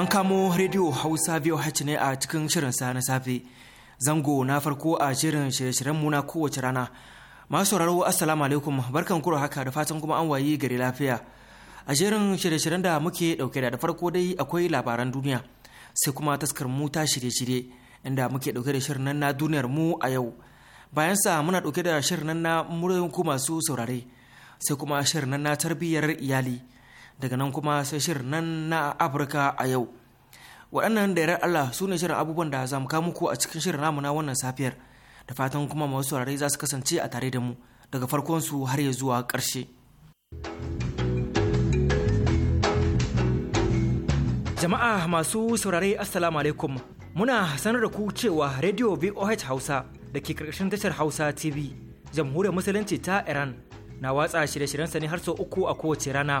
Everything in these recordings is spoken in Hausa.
An kamo rediyo Hausa biyu VOH ne a cikin shirin sa na safe. Zango na farko a shirin shirye-shiryen mu na kowace rana. Masu sauraro Assalamu alaikum barkan kuro haka da fatan kuma an wayi gari lafiya. A shirin shirye-shiryen da muke dauke da farko dai akwai labaran duniya sai kuma taskar mu ta shirye-shirye inda muke dauke da shirin nan na duniyar mu a yau. Bayan sa muna dauke da shirin nan na muryoyin ku masu saurare sai kuma shirin nan na tarbiyyar iyali. daga nan kuma sai shirin nan na afirka a yau waɗannan da allah su ne shirin abubuwan da za mu kawo muku a cikin shirin namu na wannan safiyar da fatan kuma masu saurari za su kasance a tare da mu daga farkon su har ya zuwa ƙarshe jama'a masu saurare assalamu alaikum muna sanar da ku cewa radio voh hausa da ke karkashin tashar hausa tv jamhuriyar musulunci ta iran na watsa shirye shiryen sani har sau uku a kowace rana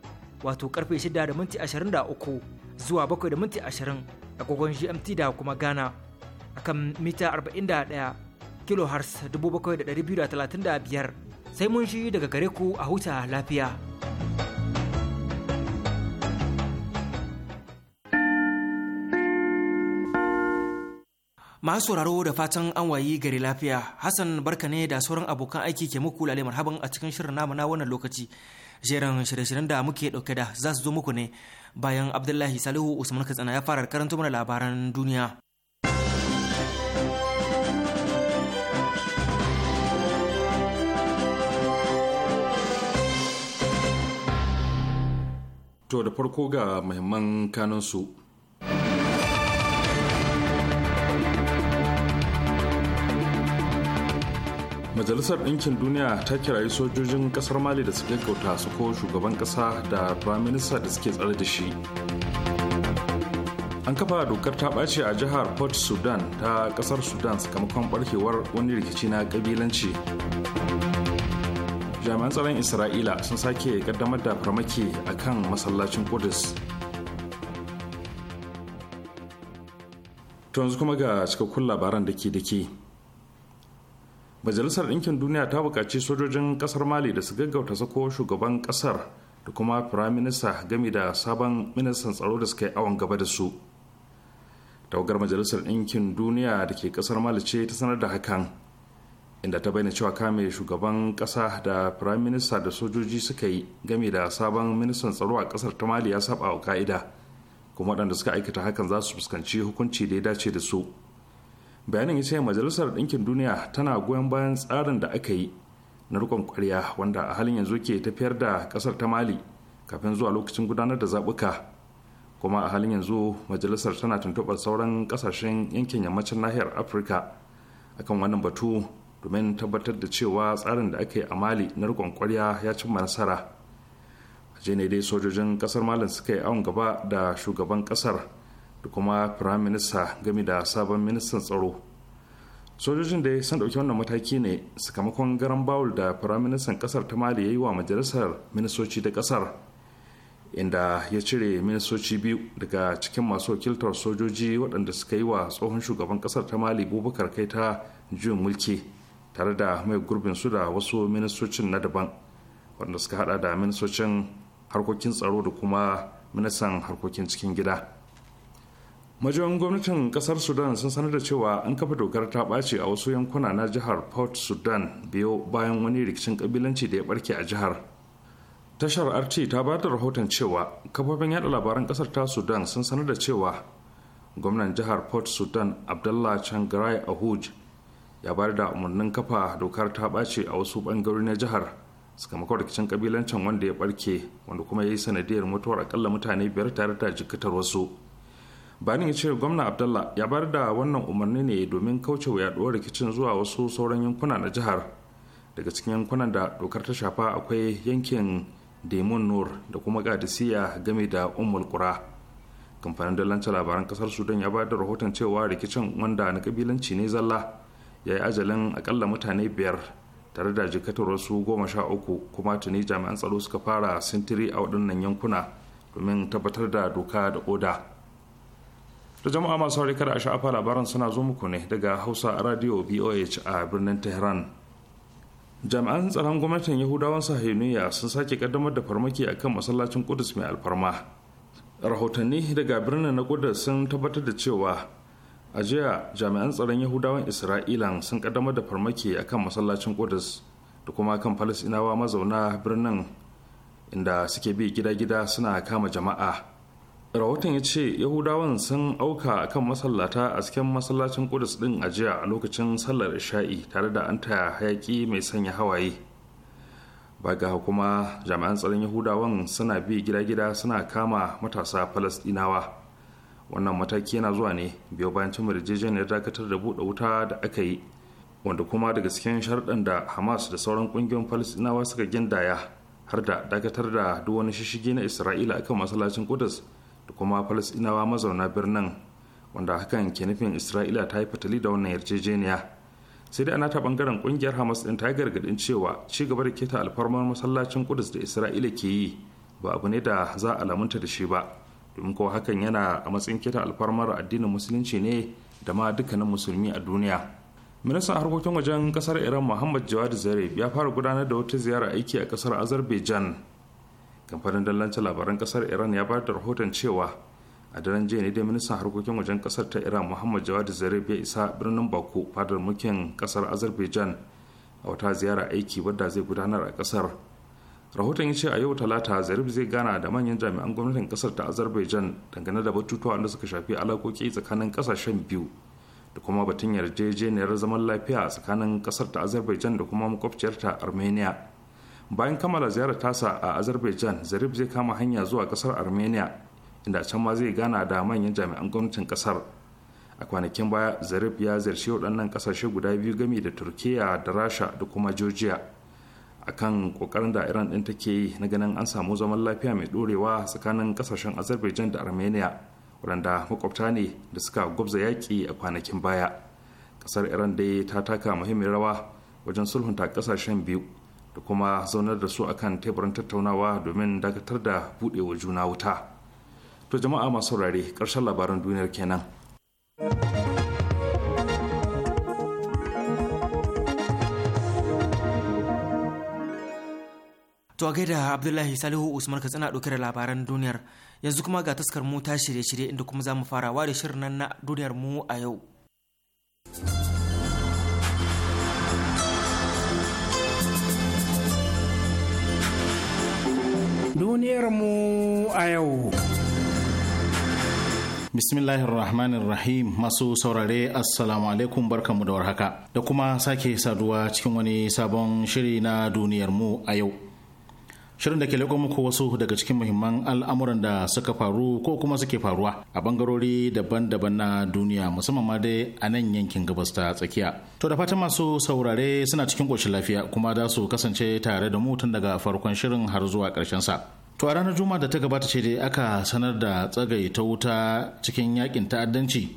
wato karfe 6 da minti 23 zuwa 7 da minti 20 agogon GMT da kuma Ghana akan mita 41 kilohertz 7,235 sai mun shi daga gare ku a huta lafiya. Masu sauraro da fatan an wayi gari lafiya, Hassan barka ne da sauran abokan aiki ke muku lalle marhaban a cikin shirin namu na wannan lokaci. jeran shirye-shiryen da muke ɗauke da za su zo muku ne bayan abdullahi salihu usman katsina ya fara karanta mana labaran duniya to da farko ga muhimman kanunsu majalisar ɗinkin duniya ta kirayi sojojin ƙasar mali da su kauta su ko shugaban ƙasa da firaminista da suke tsare da shi an kafa dokar ta ɓace a jihar port sudan ta ƙasar sudan sakamakon ɓarkewar wani rikici na ƙabilanci jami'an tsaron isra'ila sun sake ƙaddamar da farmaki a kan masallacin kudus to yanzu kuma ga cikakkun labaran da ke da ke majalisar ɗinkin duniya ta buƙaci sojojin ƙasar mali da su gaggauta sako shugaban ƙasar da kuma firaminista game da sabon ministan tsaro da suka yi awon gaba da su tawagar majalisar ɗinkin duniya da ke ƙasar mali ce ta sanar da hakan inda ta bayyana cewa kame shugaban ƙasa da firaminista da sojoji suka yi game da sabon ministan tsaro a ƙasar ta mali ya saba wa ka'ida kuma waɗanda suka aikata hakan za su fuskanci hukunci da ya dace da su bayanin ya ce majalisar ɗinkin duniya tana goyon bayan tsarin da aka yi na rikon kwarya wanda a halin yanzu ke tafiyar da ƙasar ta mali kafin zuwa lokacin gudanar da zaɓuka kuma a halin yanzu majalisar tana tuntuɓar sauran ƙasashen yankin yammacin nahiyar afirka akan wannan batu domin tabbatar da cewa tsarin da aka yi a mali na rikon kwarya ya cimma nasara je ne dai sojojin ƙasar malin suka yi awon gaba da shugaban ƙasar da kuma prime minister game da sabon ministan tsaro sojojin da ya sun ɗauki wannan mataki ne sakamakon garan bawul da prime minister ƙasar ta mali ya yi wa majalisar ministoci da ƙasar inda ya cire ministoci biyu daga cikin masu wakiltar sojoji waɗanda suka yi wa tsohon shugaban ƙasar ta mali bubakar kaita juyin mulki tare da mai gurbin su da wasu ministocin na daban waɗanda suka hada da ministocin harkokin tsaro da kuma ministan harkokin cikin gida majiyar gwamnatin kasar sudan sun sanar da cewa an kafa dokar ta ɓace a wasu yankuna na jihar port sudan biyo bayan wani rikicin kabilanci da ya barke a jihar tashar rt ta ba da rahoton cewa kafofin yada labaran kasar ta sudan sun sanar da cewa gwamnan jihar port sudan abdullah changarai ahuj ya bayar da umarnin kafa dokar ta ɓace a wasu ɓangarori na jihar sakamakon rikicin kabilancin wanda ya barke wanda kuma ya yi sanadiyar mutuwar akalla mutane biyar tare da jikatar wasu banin ya ce gwamna abdallah ya bar da wannan umarni ne domin kauce wa yaduwar rikicin zuwa wasu sauran yankuna na jihar daga cikin yankunan da dokar ta shafa akwai yankin demon nur da kuma gadisiya game da umul kura kamfanin dalancin labaran kasar sudan ya bada rahoton cewa rikicin wanda na kabilanci ne zalla ya yi ajalin akalla mutane biyar tare da jikatar wasu goma sha uku kuma tuni jami'an tsaro suka fara sintiri a waɗannan yankuna domin tabbatar da doka da oda da jama'a masu harika da sha'afa labaran suna zo muku ne daga hausa radio voh a birnin tehran jami'an tsaron gwamnatin yahudawan sahiyuniya sun sake kaddamar da farmaki akan masallacin kudus mai alfarma rahotanni daga birnin na kudus sun tabbatar da cewa a jiya jami'an tsaron yahudawan isra'ila sun kaddamar da farmaki akan masallacin kudus da kuma kan falasinawa mazauna birnin inda suke bi gida-gida suna kama jama'a rahoton ya ce yahudawan sun auka kan masallata a cikin masallacin kudus din a jiya a lokacin sallar isha'i tare da an taya hayaki mai sanya hawaye Ba baga kuma jami'an tsaron yahudawan suna bi gida-gida suna kama matasa falastinawa wannan mataki yana zuwa ne biyo bayan cin ya dakatar da buɗe wuta da aka yi wanda kuma daga cikin sharɗin da hamas da sauran ƙungiyoyin falastinawa suka gindaya har da dakatar da duk wani shishigi na isra'ila akan masallacin kudus da kuma falasinawa mazauna birnin wanda hakan ke nufin isra'ila ta yi fatali da wannan yarjejeniya sai dai ana ta bangaren kungiyar hamas din ta gargadin cewa ci gaba da keta alfarmar masallacin kudus da isra'ila ke yi ba abu ne da za a lamunta da shi ba domin kuwa hakan yana a matsayin keta alfarmar addinin musulunci ne da ma dukkanin musulmi a duniya ministan harkokin wajen kasar iran muhammad jawad zarif ya fara gudanar da wata ziyara aiki a kasar azerbaijan kamfanin dallanci labaran kasar iran ya ba da rahoton cewa a daren jiya ne dai ministan harkokin wajen kasar ta iran muhammad jawad zarif ya isa birnin baku fadar mulkin kasar azerbaijan a wata ziyara aiki wadda zai gudanar a kasar rahoton ya ce a yau talata zarif zai gana da manyan jami'an gwamnatin kasar ta azerbaijan dangane da batutuwa da suka shafi alakoki tsakanin kasashen biyu da kuma batun yarjejeniyar zaman lafiya tsakanin kasar ta azerbaijan da kuma makwabciyarta armenia bayan kammala ziyarar tasa a azerbaijan zarif zai kama hanya zuwa kasar armenia inda can ma zai gana da manyan jami'an gwamnatin kasar a kwanakin baya zarif ya ziyarci waɗannan ƙasashe guda biyu gami da turkiya da rasha da kuma georgia akan kokarin da iran ɗin take yi na ganin an samu zaman lafiya mai ɗorewa tsakanin ƙasashen azerbaijan da armenia waɗanda makwabta ne da suka gwabza yaƙi a kwanakin baya ƙasar iran dai ta taka muhimmin rawa wajen sulhunta ƙasashen biyu da kuma zaunar da su akan teburin tattaunawa domin dakatar da buɗewar juna wuta to jama'a masu rare ƙarshen labaran duniyar kenan To a gaida Abdullahi Salihu Usman Katsina ɗauke da labaran duniyar yanzu kuma ga taskar mu ta shirye-shirye inda kuma za mu farawa da shirin nan na duniyar mu a yau. duniyarmu a yau. rahmanir rahim masu saurare assalamu alaikum barkanmu da warhaka da kuma sake saduwa cikin wani sabon shiri na duniyarmu a yau. shirin da ke leƙo muku wasu daga cikin muhimman al'amuran da suka faru ko kuma suke faruwa a bangarori daban-daban na duniya musamman ma dai a nan yankin gabas ta tsakiya to da fatan masu saurare suna cikin ƙoshin lafiya kuma za su kasance tare da mu daga farkon shirin har zuwa karshen sa to a ranar juma'a da ta gabata ce dai aka sanar da tsagai ta wuta cikin yakin ta'addanci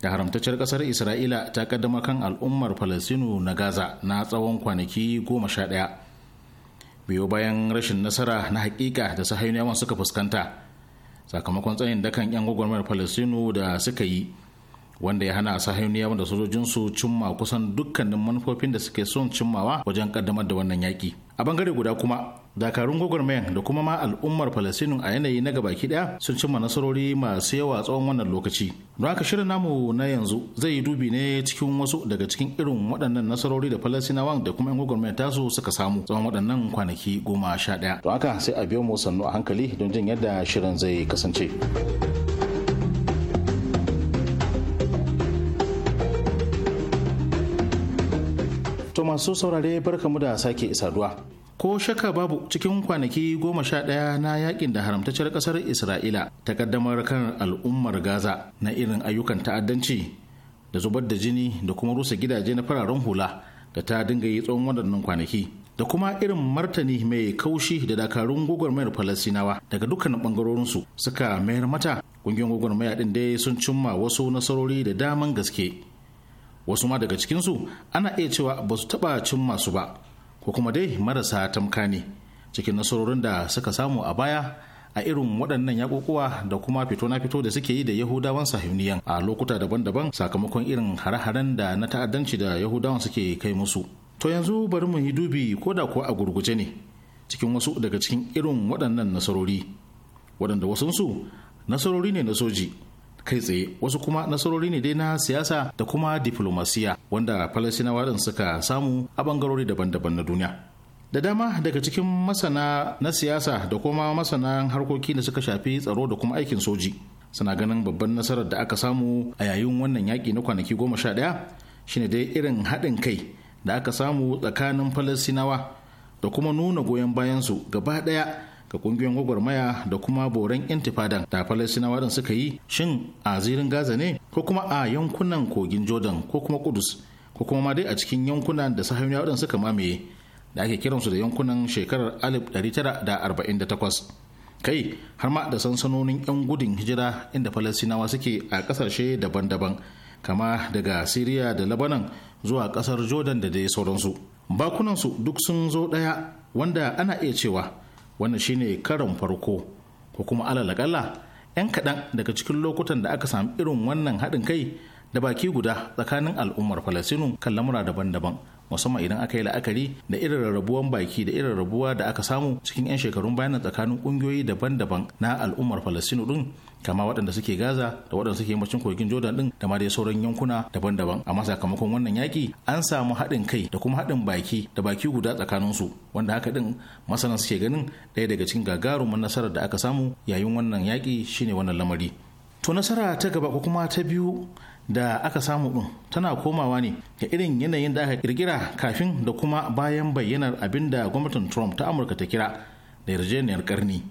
da haramtacciyar kasar isra'ila ta kaddamar kan al'ummar falasinu na gaza na tsawon kwanaki goma sha ɗaya biyo bayan rashin nasara na hakika da sahayuniyawan suka fuskanta sakamakon tsayin dakan 'yan gwagwarmar palestino da suka yi wanda ya hana sahayuniyawan da sojojinsu cimma kusan dukkanin manufofin da suke son cimmawa wajen kaddamar da wannan yaki a bangare guda kuma dakarun gwagwarmayan da kuma ma al'ummar falasinu a yanayi na gabaki daya sun cimma nasarori masu yawa tsawon wannan lokaci don haka shirin namu na yanzu zai yi dubi ne cikin wasu daga cikin irin waɗannan nasarori da falasinawan da kuma yan gwagwarmayan tasu suka samu tsawon waɗannan kwanaki goma sha ɗaya don haka sai a biyo mu sannu a hankali don jin yadda shirin zai kasance. To masu saurare barkamu da sake saduwa. Ko shaka babu cikin kwanaki goma sha ɗaya na yakin da haramtacciyar ƙasar Isra'ila ta kaddamar kan al'ummar Gaza na irin ayyukan ta'addanci da zubar da jini da kuma rusa gidaje na fararen hula da ta dinga yi tsawon waɗannan kwanaki. da kuma irin martani mai kaushi da dakarun gwagwarmayar falasinawa daga dukkanin ɓangarorinsu suka mayar mata ƙungiyar gwagwarmaya ɗin dai sun cimma wasu nasarori da daman gaske wasu ma daga cikinsu ana iya cewa ba su taɓa cin masu ba ko kuma dai marasa tamka ne cikin nasarorin da suka samu a baya a irin waɗannan yakukuwa da kuma fito na fito da suke yi da yahudawan sahiniyan a lokuta daban-daban sakamakon irin hare-haren da na ta'addanci da yahudawan suke kai musu to yanzu bari mu yi dubi ko da kuwa a gurguje ne cikin wasu daga cikin irin waɗannan nasarori waɗanda wasunsu nasarori ne na soji kai tsaye wasu kuma nasarori ne dai na siyasa da kuma diplomasiya wanda falasinawa din suka samu a bangarori daban-daban na duniya da dama daga cikin masana na siyasa da kuma masana harkoki da suka shafi tsaro da kuma aikin soji suna ganin babban nasarar da aka samu a yayin wannan yaƙi na kwanaki goma sha ɗaya shine dai irin haɗin kai da aka samu tsakanin falasinawa da kuma nuna goyon bayansu gaba ɗaya ga kungiyoyin gwagwarmaya da kuma boran intifadan da falasinawa din suka yi shin a zirin gaza ne ko kuma a yankunan kogin jordan ko kuma kudus ko kuma ma dai a cikin yankunan da sahiyoniyawa din suka mamaye da ake kiransu da yankunan shekarar 1948 kai har ma da sansanonin 'yan gudun hijira inda falasinawa suke a kasashe daban-daban kama daga siriya da labanan zuwa kasar jordan da dai sauransu bakunansu duk sun zo ɗaya wanda ana iya cewa wannan shine karon farko ko kuma alalakalla 'yan kaɗan daga cikin lokutan da aka sami irin wannan haɗin kai da baki guda tsakanin al'ummar falasinu kan lamura daban-daban musamman idan aka yi la'akari da irin rarrabuwan baki da irin rabuwa da aka samu cikin 'yan shekarun bayan tsakanin kungiyoyi daban-daban na al'ummar falastinu din kama waɗanda suke gaza da waɗanda suke yammacin kogin jordan din da ma dai sauran yankuna daban-daban amma sakamakon wannan yaki an samu haɗin kai da kuma haɗin baki da baki guda tsakanin su wanda haka din masana suke ganin ɗaya daga cikin gagarumin nasarar da aka samu yayin wannan yaki shine wannan lamari to nasara ta gaba ko kuma ta biyu da aka samu ɗin tana komawa ne ga irin yanayin da aka kirkira kafin da kuma bayan bayyanar abin da gwamnatin trump ta amurka ta kira da yarjejeniyar karni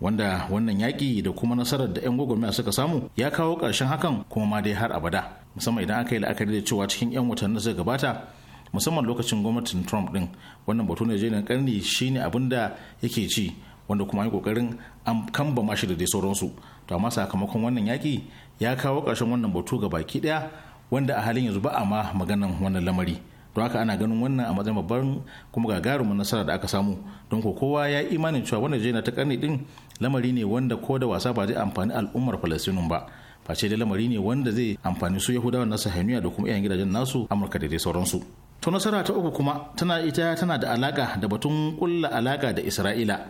wanda wannan yaƙi da kuma nasarar da 'yan gwagwarmaya suka samu ya kawo ƙarshen hakan kuma ma dai har abada musamman idan aka yi la'akari da cewa cikin 'yan watanni da suka gabata musamman lokacin gwamnatin trump ɗin wannan batu na yarjejeniyar karni shine abin da yake ci wanda kuma yi kokarin an kamba mashi da dai sauransu to amma sakamakon wannan yaƙi ya kawo ƙarshen wannan batu ga baki ɗaya wanda a halin yanzu ba a ma maganan wannan lamari don haka ana ganin wannan a matsayin babban kuma gagarumin nasara da aka samu don ko kowa ya imanin cewa wannan jena ta karni din lamari ne wanda ko da wasa ba zai amfani al'ummar falastinun ba face da lamari ne wanda zai amfani su yahudawa na sahaniya da kuma iyayen gidajen nasu amurka da dai sauransu to nasara ta uku kuma tana ita tana da alaka da batun kulla alaka da isra'ila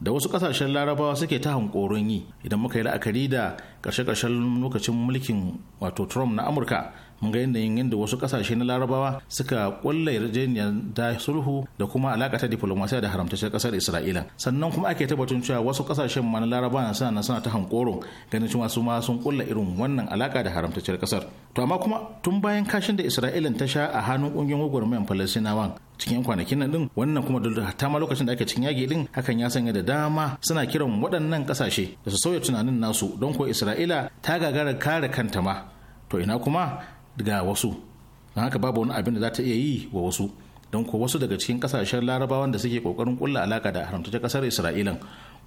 da wasu kasashen larabawa suke ta hankoron yi idan muka yi la'akari da ƙarshe karshen lokacin mulkin wato trump na amurka mun ga yanayin yadda wasu kasashe na larabawa suka ƙulla yarjejeniyar da sulhu da kuma alaka ta diplomasiya da haramtaccen kasar isra'ila sannan kuma ake tabbatun cewa wasu kasashen ma na larabawa suna nan suna ta hankoron ganin cewa su ma sun kulla irin wannan alaka da haramtaccen kasar to amma kuma tun bayan kashin da isra'ila ta sha a hannun kungiyoyin gwagwarmayan falasinawan cikin yan kwanakin nan din wannan kuma ta ma lokacin da ake cikin yaki din hakan ya sanya da dama suna kiran waɗannan ƙasashe da su sauya tunanin nasu don ko isra'ila ta gagara kare kanta ma to ina kuma ga wasu don haka babu wani abin da za ta iya yi wa wasu don ko wasu daga cikin ƙasashen larabawan da suke ƙoƙarin ƙulla alaka da haramtaccen ƙasar isra'ilan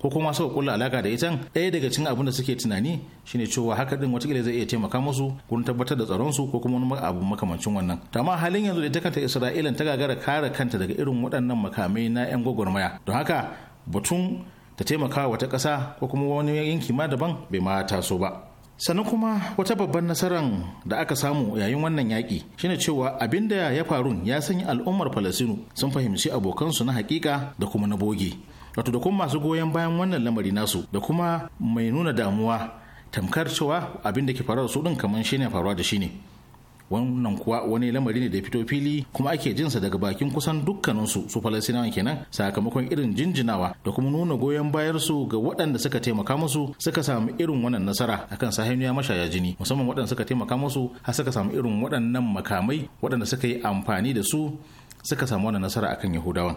ko kuma suka kulla alaka da itan ɗaya daga cikin abin da suke tunani shine cewa haka din wataƙila zai iya taimaka musu gurin tabbatar da tsaron su ko kuma wani abu makamancin wannan to amma halin yanzu da ita kanta Isra'ila ta gagara kare kanta daga irin waɗannan makamai na ƴan gwagwarmaya don haka batun ta taimaka wata ƙasa ko kuma wani yanki ma daban bai ma taso ba sannan kuma wata babban nasarar da aka samu yayin wannan yaƙi shine cewa abin da ya faru ya sanya al'ummar falasinu sun fahimci abokansu na hakika da kuma na boge wato da kuma masu goyon bayan wannan lamari nasu da kuma mai nuna damuwa tamkar cewa abin da ke faruwa su din kamar shine faruwa da shi ne wannan kuwa wani lamari ne da fito fili kuma ake jinsa daga bakin kusan dukkaninsu su falasinawan kenan sakamakon irin jinjinawa da kuma nuna goyon su ga waɗanda suka taimaka musu suka samu irin wannan nasara akan sahiniya mashaya jini musamman waɗanda suka taimaka musu har suka samu irin waɗannan makamai waɗanda suka yi amfani da su suka samu wannan nasara akan yahudawan.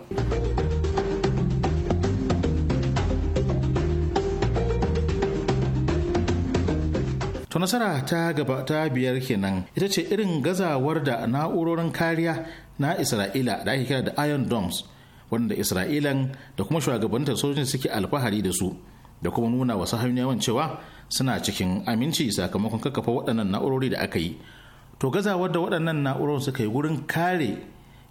To nasara ta gaba ta biyar kenan ita ce irin gazawar da na'urorin kariya na Isra'ila da ake kira da Iron Domes wanda Isra'ilan da kuma shugabanta sojin suke alfahari da su da kuma nuna wasu hanyoyin cewa suna cikin aminci sakamakon kakkafa waɗannan na'urori da aka yi. To gazawar da waɗannan na'urorin suka yi wurin kare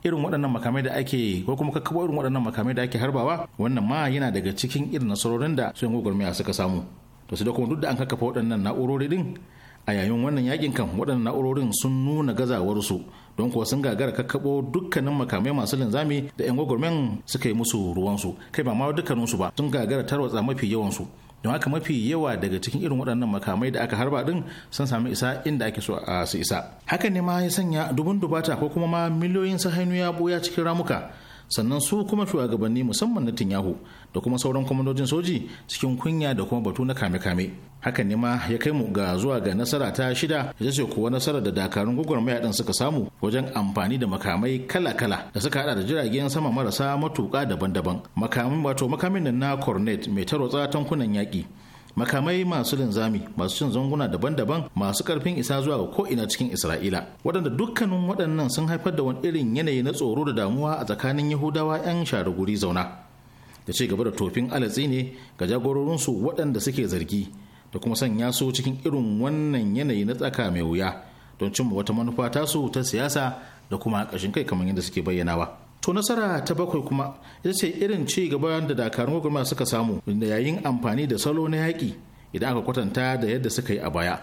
irin waɗannan makamai da ake ko kuma kakkaɓo irin waɗannan makamai da ake harbawa wannan ma yana daga cikin irin nasarorin da sun gwagwarmaya suka samu wasu da kuma duk da an kakkafa waɗannan na'urori din a yayin wannan yakin kan waɗannan na'urorin sun nuna gazawarsu don kuwa sun gagara kakkaɓo dukkanin makamai masu linzami da 'yan gwagwarmen suka yi musu ruwansu kai ba ma dukkaninsu ba sun gagara tarwatsa mafi yawansu don haka mafi yawa daga cikin irin waɗannan makamai da aka harba din sun sami isa inda ake so a ah, su isa haka ne ma ya sanya dubun dubata ko kuma ma miliyoyin sahanu ya boya cikin ramuka sannan su kuma shugabanni musamman na tinyahu da kuma sauran kwamandojin soji cikin kunya da kuma batu na kame-kame hakan ne ma ya kai mu ga zuwa ga nasara ta shida zai ce kuwa nasarar da dakarun gwagwarmaya din suka samu wajen amfani da makamai kala-kala da suka hada da jiragen sama marasa matuka daban-daban makamin wato makamin na cornet mai tarotsa tankunan yaƙi makamai masu linzami masu cin zanguna daban-daban masu karfin isa zuwa ga ko'ina cikin isra'ila waɗanda dukkanin waɗannan sun haifar da wani irin yanayi na tsoro da damuwa a tsakanin yahudawa 'yan share zauna da ci gaba da tofin alatsi ne ga jagororinsu waɗanda suke zargi da kuma sanya su cikin irin wannan yanayi na tsaka mai wuya don cimma wata manufa tasu ta siyasa da kuma ƙashin kai kamar yadda suke bayyanawa. to nasara ta bakwai kuma ita ce irin ci gaba da dakarun gwagwarmaya suka samu da yayin amfani da salo na yaƙi idan aka kwatanta da yadda suka yi a baya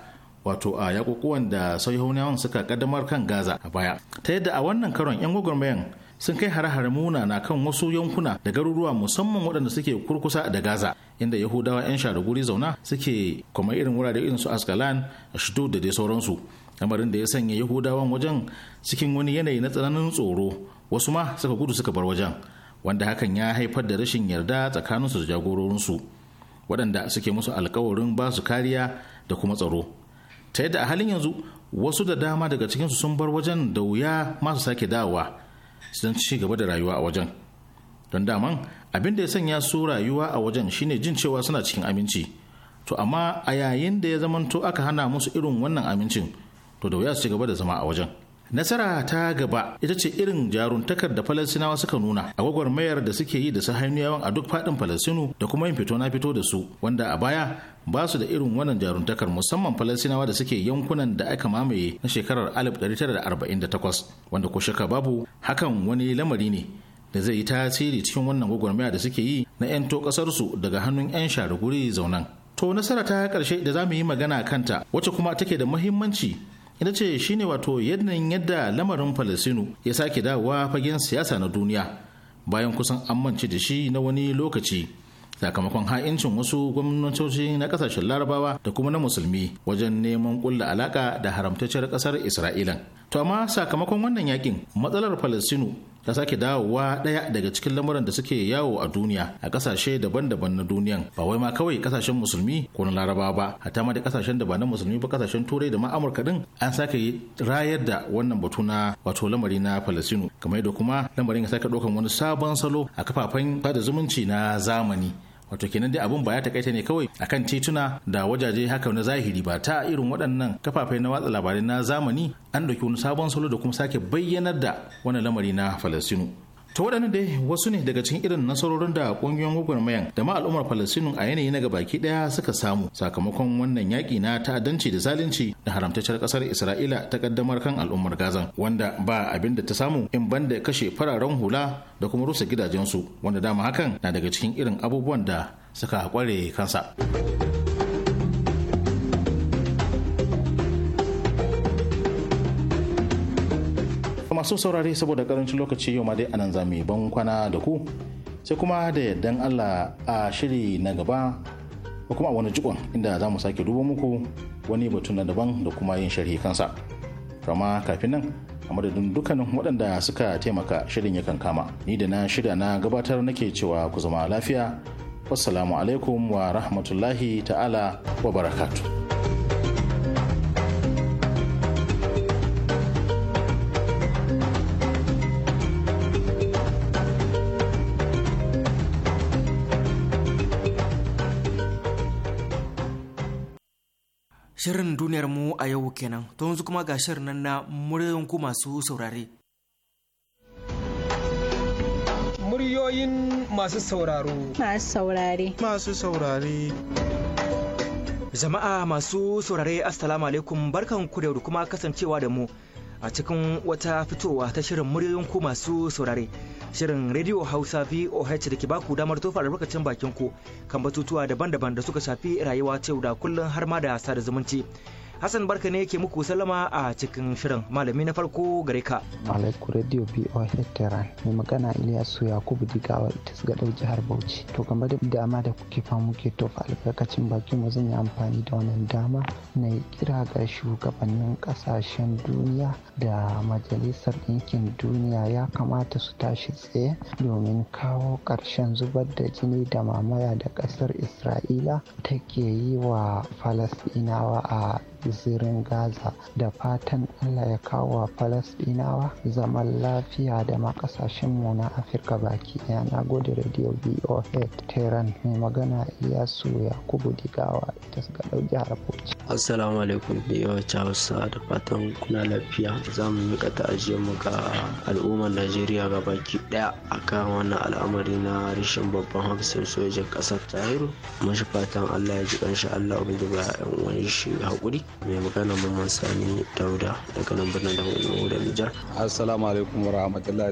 wato a yakukuwan da sauyahunawan suka kaddamar kan gaza a baya ta yadda a wannan karon yan gwagwarmayan sun kai hare-hare muna na kan wasu yankuna da garuruwa musamman waɗanda suke kurkusa da Gaza inda Yahudawa 'yan shara guri zauna suke kuma irin wurare irin su Ascalon, Ashdod da dai sauransu. Lamarin da ya sanya Yahudawan wajen cikin wani yanayi na tsananin tsoro wasu ma suka gudu suka bar wajen wanda hakan ya haifar da rashin yarda tsakaninsu da jagororinsu waɗanda suke musu alkawarin ba su kariya da kuma tsaro ta yadda a halin yanzu wasu da dama daga cikinsu sun bar wajen da wuya masu sake dawowa don ci gaba da rayuwa a wajen don daman abin da ya sanya su rayuwa a wajen shine jin cewa suna cikin aminci to amma a yayin da ya zamanto aka hana musu irin wannan amincin to da wuya su ci gaba da zama a wajen Nasara ta gaba ita ce irin jaruntakar da Falasinawa suka nuna a gwagwarmayar da suke yi da su sahaniyawan a duk faɗin Falasinu da kuma yin fito na fito da su wanda a baya ba su da irin wannan jaruntakar musamman falasinawa da suke yankunan da aka mamaye na shekarar 1948 wanda ko shaka babu hakan wani lamari ne da zai yi tasiri cikin wannan gwagwarmaya da suke yi na 'yanto kasarsu daga hannun 'yan share guri zaunan to nasara ta karshe da za mu yi magana kanta wacce kuma take da muhimmanci ita ce shine wato yanayin yadda lamarin falasinu ya sake dawowa fagen siyasa na duniya bayan kusan amince da shi na wani lokaci sakamakon ha'incin wasu gwamnatoci na kasashen larabawa da kuma na musulmi wajen neman kulla alaka da haramtacciyar kasar Isra'ila, to amma sakamakon wannan yakin matsalar falasinu ta sake dawowa ɗaya daga cikin lamuran da suke yawo a duniya a ƙasashe daban-daban na duniyan ba wai ma kawai ƙasashen musulmi ko na laraba ba hatta ma da ƙasashen da ba na musulmi ba ƙasashen turai da ma amurka din an sake rayar da wannan batu na wato lamari na falasinu kamar yadda kuma lamarin ya sake ɗaukan wani sabon salo a kafafen fada zumunci na zamani wato kenan dai abun ba ya takaita ne kawai akan tituna da wajaje haka na zahiri ba ta irin waɗannan kafafai na watsa labarai na zamani an dauki wani sabon salo da kuma sake bayyanar da wani lamari na falasinu Ta waɗannan dai wasu ne daga cikin irin nasarorin da ƙungiyoyin gwagwarmayan da ma al'ummar Falasinu a yanayi na gabaki ɗaya suka samu sakamakon wannan yaƙi na ta'addanci da zalunci da haramtaccen ƙasar Isra'ila ta ƙaddamar kan al'ummar Gazan, wanda ba abin da ta samu in ban da kashe fararen hula da kuma rusa gidajensu wanda dama hakan na daga cikin irin abubuwan da suka kware kansa. masu saurare saboda karancin lokaci yau ma dai anan zami ban kwana da ku sai kuma da yardan allah a shiri na gaba ko kuma a wani jikon inda za mu sake duba muku wani batu na daban da kuma yin sharhi kansa kama kafin nan a madadin dukkanin waɗanda suka taimaka shirin yakan kama ni da na shirya na gabatar nake cewa ku zama lafiya wassalamu alaikum wa rahmatullahi ta'ala wa barakatu. Shirin duniyar mu a yau kenan, to yanzu kuma ga shirin nan na muryoyin ku masu saurare. Muryoyin masu sauraro. Masu saurare. Masu saurare. Jama'a masu saurare Assalamu alaikum barkan ku da kuma kasancewa da mu a cikin wata fitowa ta shirin muryoyin ku masu saurare. Shirin Radio Hausa VOH da ke baku damar tofa albarkacin bakin ku kan batutuwa daban-daban da suka shafi rayuwa ta da kullum har ma da sada zumunci. Hassan barka ne yake muku salama a cikin shirin malami na farko gare ka. Alaikum Radio BOH Tehran mai magana iliyasu Yakubu Digawa ita su gaɗau jihar Bauchi. To kamar da dama da kuke famu ke tofa albarkacin bakin mu zan yi amfani da wannan dama na kira ga shugabannin ƙasashen duniya da majalisar ɗinkin duniya ya kamata su tashi tsaye domin kawo ƙarshen zubar da jini da mamaya da ƙasar Isra'ila take yi wa Falasɗinawa a zirin Gaza da fatan Allah ya kawo wa Falasɗinawa zaman lafiya da ma mu na Afirka baki ɗaya. Na gode Radio BOA Tehran mai magana Iyasu kubu Digawa ita suka ɗauki jihar Bauchi. Assalamu alaikum BOA Hausa da fatan kuna lafiya. Za mu yi kata ajiye mu ga al'ummar Najeriya ga baki ɗaya akan wannan al'amari na rashin babban hafsin sojan ƙasar Tahiru. Mashi fatan Allah ya ji ƙanshi Allah ubangiji ba 'yan uwan shi haƙuri. mai magana mamman sani dauda daga nan birnin da hudu da nijar assalamu alaikum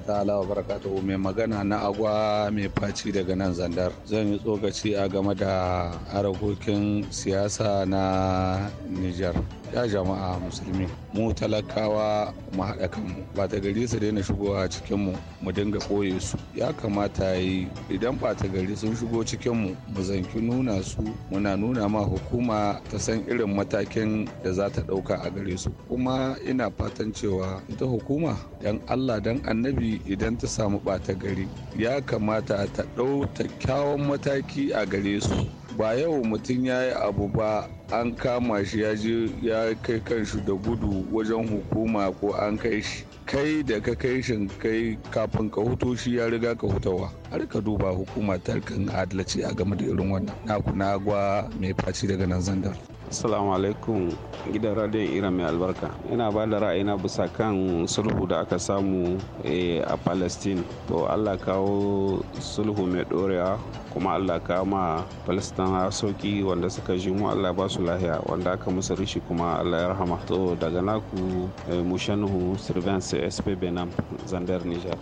ta'ala wa barakatuhu mai magana na agwa mai faci daga nan zandar zan yi tsokaci a game da harakokin siyasa na nijar ya jama'a musulmi mu talakawa mu haɗa kanmu ba ta gari su daina shigowa cikinmu mu dinga ɓoye su ya kamata yi idan ba ta gari sun shigo cikinmu mu zanki nuna su muna nuna ma hukuma ta san irin matakin da za ta ɗauka a gare su kuma ina fatan cewa ita hukuma dan allah dan annabi idan ta samu ɓata gari ya kamata ta ɗau kyakkyawan mataki a gare su ba yau mutum ya yi abu ba an kama shi ya je ya kai kanshi da gudu wajen hukuma ko an kai shi kai da ka kai shi kai kafin ka huto shi ya riga ka hutawa har ka duba hukuma ta kan adalci a game da irin wannan na kuna gwa mai faci daga nan zandar assalamu alaikum gidan radiyon iran mai albarka ina ba da ra'ayina bisa kan sulhu da aka samu eh, a palestine to allah kawo sulhu mai dorewa kuma allah kawo ma palestine sauki wanda suka ji mu allah ba su lahiya wanda aka musu rishi kuma allah ya rahama to daga naku eh, mushanuhu sirvance sp benam zandar niger.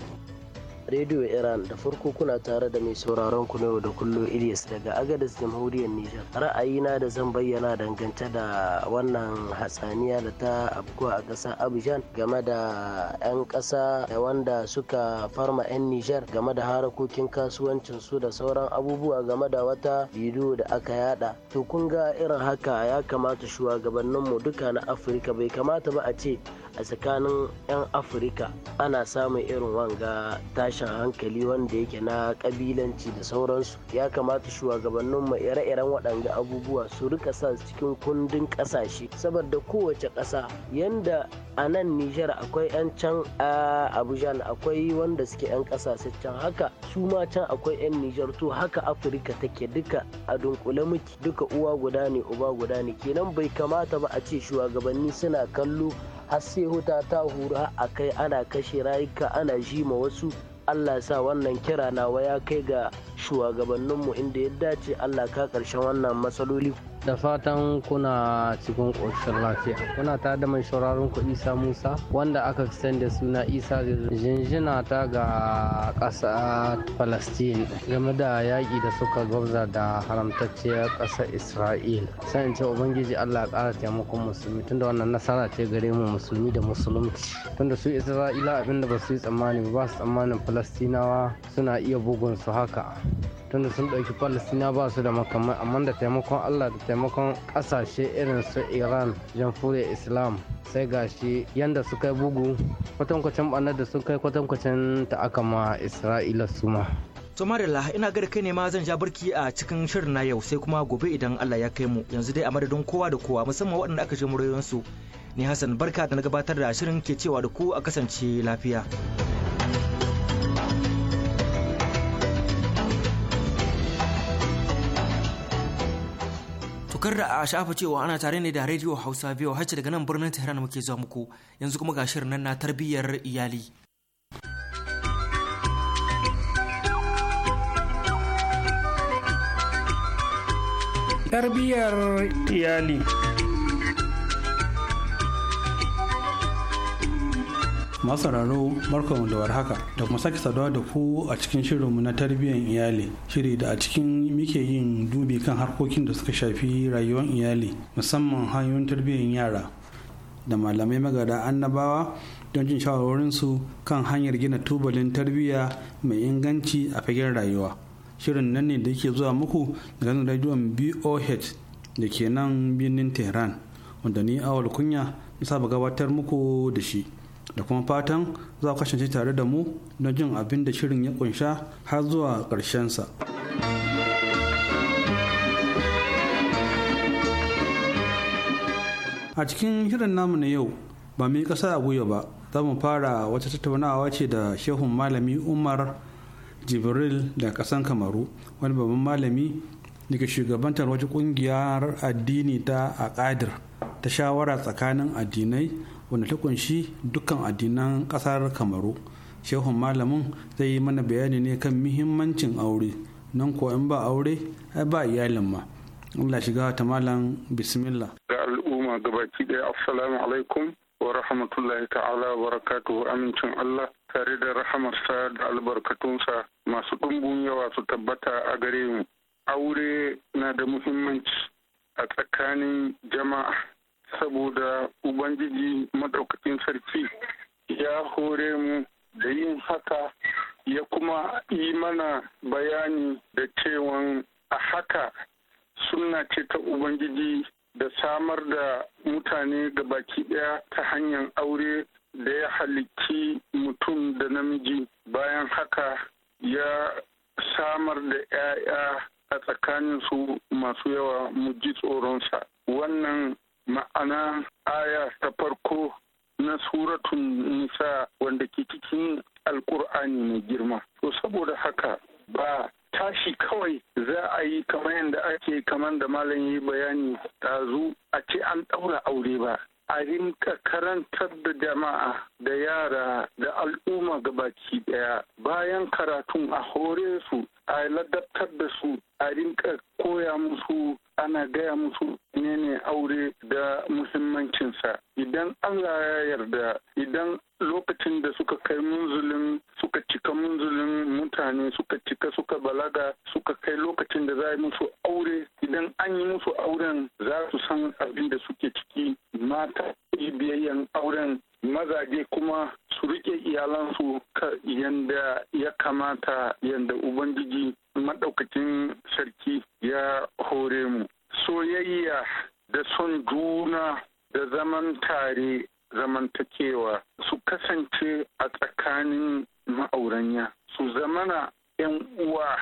Radio Iran da farko kuna tare da mai sauraron ku yau da kullum Ilyas daga Agadez Jamhuriyar Nijar. Ra'ayina da zan bayyana dangance da wannan hatsaniya da ta afkuwa a ƙasar Abidjan game da 'yan ƙasa da wanda suka farma 'yan Nijar game da harakokin kasuwancin su da sauran abubuwa game da wata bidiyo da aka yada. To kun ga irin haka ya kamata shugabanninmu duka na Afirka bai kamata ba a ce a tsakanin 'yan afirka ana samun irin wanga tashin hankali wanda yake na kabilanci da sauransu ya kamata shugabannin mu ire-iren waɗanda abubuwa su rika sa cikin kundin ƙasashe saboda kowace ƙasa yanda a nan nijar akwai 'yan can a abuja akwai wanda suke 'yan kasashen can haka su ma can akwai 'yan nijar to haka afirka take duka a dunkule miki duka uwa guda ne uba guda ne kenan bai kamata ba a ce shugabanni suna kallo har sai huta ta hura a kai ana kashe rayuka ana ji ma wasu Allah sa wannan kira nawa ya kai ga shugabanninmu inda ya dace Allah ka ƙarshen wannan matsaloli. da fatan kuna cikin ƙoshin lafiya kuna ta da mai shauraron ku isa musa wanda aka fi sani da suna isa jinjina ta ga ƙasa palestine game da yaƙi da suka gwabza da haramtacciyar ƙasa isra'il sai in ce ubangiji allah ƙara taimakon musulmi tunda wannan nasara ce gare mu musulmi da musulunci tunda su isra'ila abinda ba su yi tsammani ba su tsammanin palestinawa suna iya bugun su haka tunda sun ɗauki palestina ba su da makamai amma da taimakon allah da taimakon ƙasashe irin su iran jamhuriyar islam sai gashi yadda su kai bugu kwatankwacin ɓanar da sun kai kwatankwacin ta aka ma isra'ila suma to marilla ina gari kai ne ma zan ja barki a cikin shirin na yau sai kuma gobe idan allah ya kai mu yanzu dai a madadin kowa da kowa musamman waɗanda aka je murayensu ni hassan barka da na gabatar da shirin ke cewa da ku a kasance lafiya. kar da a shafa cewa ana tare ne da rediyo hausa biyu hacci daga nan birnin tehran muke zuwa muku yanzu kuma ga shirin nan na tarbiyyar iyali tarbiyyar iyali masararo barkanmu da warhaka da kuma sake saduwa da ku a cikin shirinmu na tarbiyyar iyali shiri da a cikin muke yin dubi kan harkokin da suka shafi rayuwar iyali musamman hanyoyin tarbiyyar yara da malamai magada annabawa don jin shawarorinsu kan hanyar gina tubalin tarbiyya mai inganci a fagen rayuwa shirin nan ne da yake zuwa muku daga rediyon boh da ke nan birnin tehran wanda ni awal kunya na saba gabatar muku da shi da kuma fatan za ku kasance tare da mu don jin abin da shirin ya kunsha har zuwa ƙarshensa. a cikin shirin namu na yau ba mai ƙasa a gwiwa ba za mu fara wata tattaunawa ce da shehun malami umar jibril da ƙasan kamaru wani babban malami daga shugabantar wata ƙungiyar addini ta akadir ta shawara tsakanin addinai wanda ta kunshi dukkan addinan kasar kamaru shehun malamin zai yi mana bayani ne kan muhimmancin aure nan ko in ba aure ai ba iyalin ma Allah shiga ta malam bismillah ga al'umma gabaki daya assalamu alaikum wa rahmatullahi ta'ala wa barakatuhu amincin Allah tare da rahamarsa da albarkatunsa masu ɗumbun yawa su tabbata a gare mu aure na da muhimmanci a tsakanin jama'a saboda ubangiji madaukakin sarki ya hore mu da yin haka ya kuma yi mana bayani da cewan a haka suna ce ta ubangiji da samar da mutane ga baki ɗaya ta hanyar aure da ya halicci mutum da namiji bayan haka ya samar da 'ya'ya a tsakaninsu masu yawa mu ji tsoronsa wannan ma'ana aya ta farko na suratun nisa wanda ke cikin alkur'ani mai girma to saboda haka ba tashi kawai za a yi kamar yadda ake kamar da malam yi bayani ɗazu a ce an ɗaura aure ba a rinka karantar da jama'a da yara da al'umma ga baki daya bayan karatun a hore su a ladabtar da su a rinka koya musu ana gaya musu ne aure da muhimmancinsa idan allah ya yarda idan lokacin da suka kai munzulin suka cika munzulin mutane suka cika suka balaga suka kai lokacin da za a yi musu aure idan an yi musu auren za su san abin da suke ciki mata biyayyan auren mazaje kuma su rike iyalansu yadda ya kamata yadda ubangiji maɗaukacin sarki ya hore mu soyayya da son juna da zaman tare zamantakewa su kasance a tsakanin ma'auranya su zamana 'yan uwa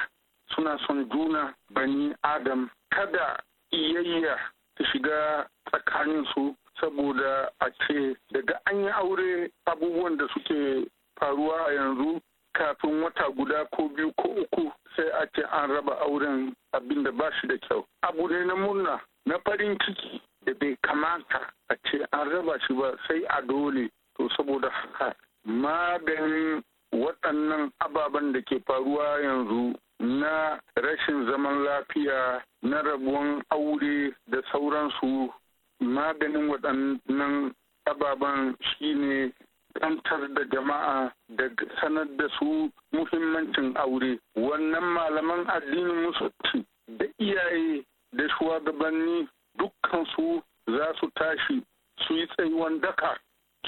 suna son juna bani adam kada iyayya ta shiga tsakaninsu saboda a ce daga an yi aure abubuwan da suke faruwa a yanzu kafin wata guda ko biyu ko uku sai a ce an raba auren abin da ba shi da kyau abu ne na murna na farin ciki da bai kamata a ce an raba shi ba sai a dole to saboda haka maganin waɗannan ababen da ke faruwa yanzu na rashin zaman lafiya na rabuwan aure da sauransu maganin waɗannan ababen shine kantar da jama'a da sanar da su muhimmancin aure wannan malaman addinin musulunci da iyaye da shugabanni dukkansu su za su tashi su yi tsayuwan daka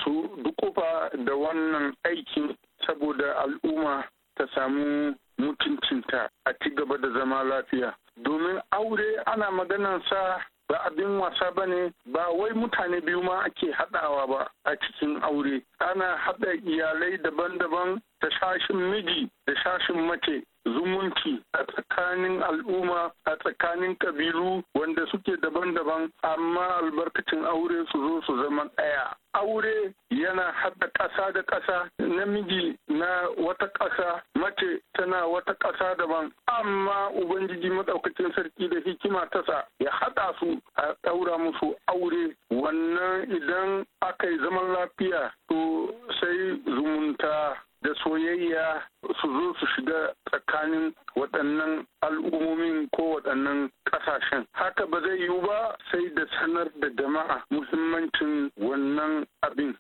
su dukufa da wannan aikin saboda al'umma ta samu mutuncinta a ci gaba da zama lafiya domin aure ana maganansa ba abin wasa ba ne ba wai mutane biyu ma ake haɗawa ba a cikin aure ana haɗa iyalai daban-daban da shashin miji da shashin mace zumunci a tsakanin al'umma a tsakanin kabilu wanda suke daban-daban amma albarkacin aure su zo su zama ɗaya aure yana haɗa ƙasa da ƙasa namiji na wata ƙasa mace tana wata ƙasa daban amma ubangiji maɗaukacin sarki da hikima tasa ya haɗa su a ɗaura musu aure wannan idan aka yi zaman lafiya to sai zumunta da soyayya su zo su shiga tsakanin waɗannan al'ummomin ko waɗannan ƙasashen. Haka ba zai yiwu ba sai da sanar da jama'a muhimmancin wannan abin.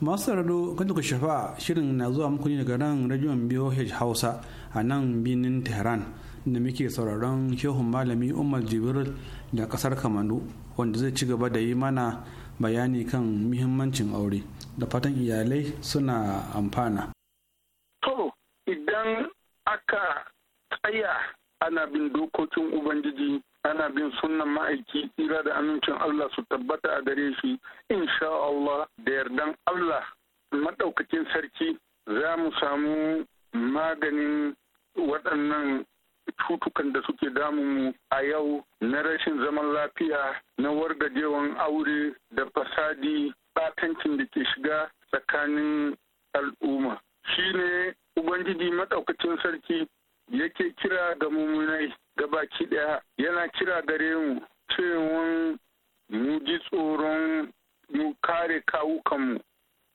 masu rado kan ku shafa shirin na zuwa muku ne daga nan rajiyon boh hausa a nan binin tehran da muke sauraron shehun malami umar jibril da kasar kamanu wanda zai ci gaba da yi mana bayani kan muhimmancin aure da fatan iyalai suna amfana. To, idan aka tsaya ana bin dokokin Ubangiji, ana bin sunan ma'aiki, tsira da amincin Allah su tabbata a gare shi, insha Allah da yardan Allah maɗaukakin sarki za mu samu maganin waɗannan cutukan da suke damun damunmu a yau na rashin zaman lafiya na wargajewan aure da fasadi batancin da ke shiga tsakanin al'umma shi ne ubangiji maɗaukacin sarki yake kira ga mummunai ga baki ɗaya yana kira gare mu cewan mu ji tsoron mu kare kawukanmu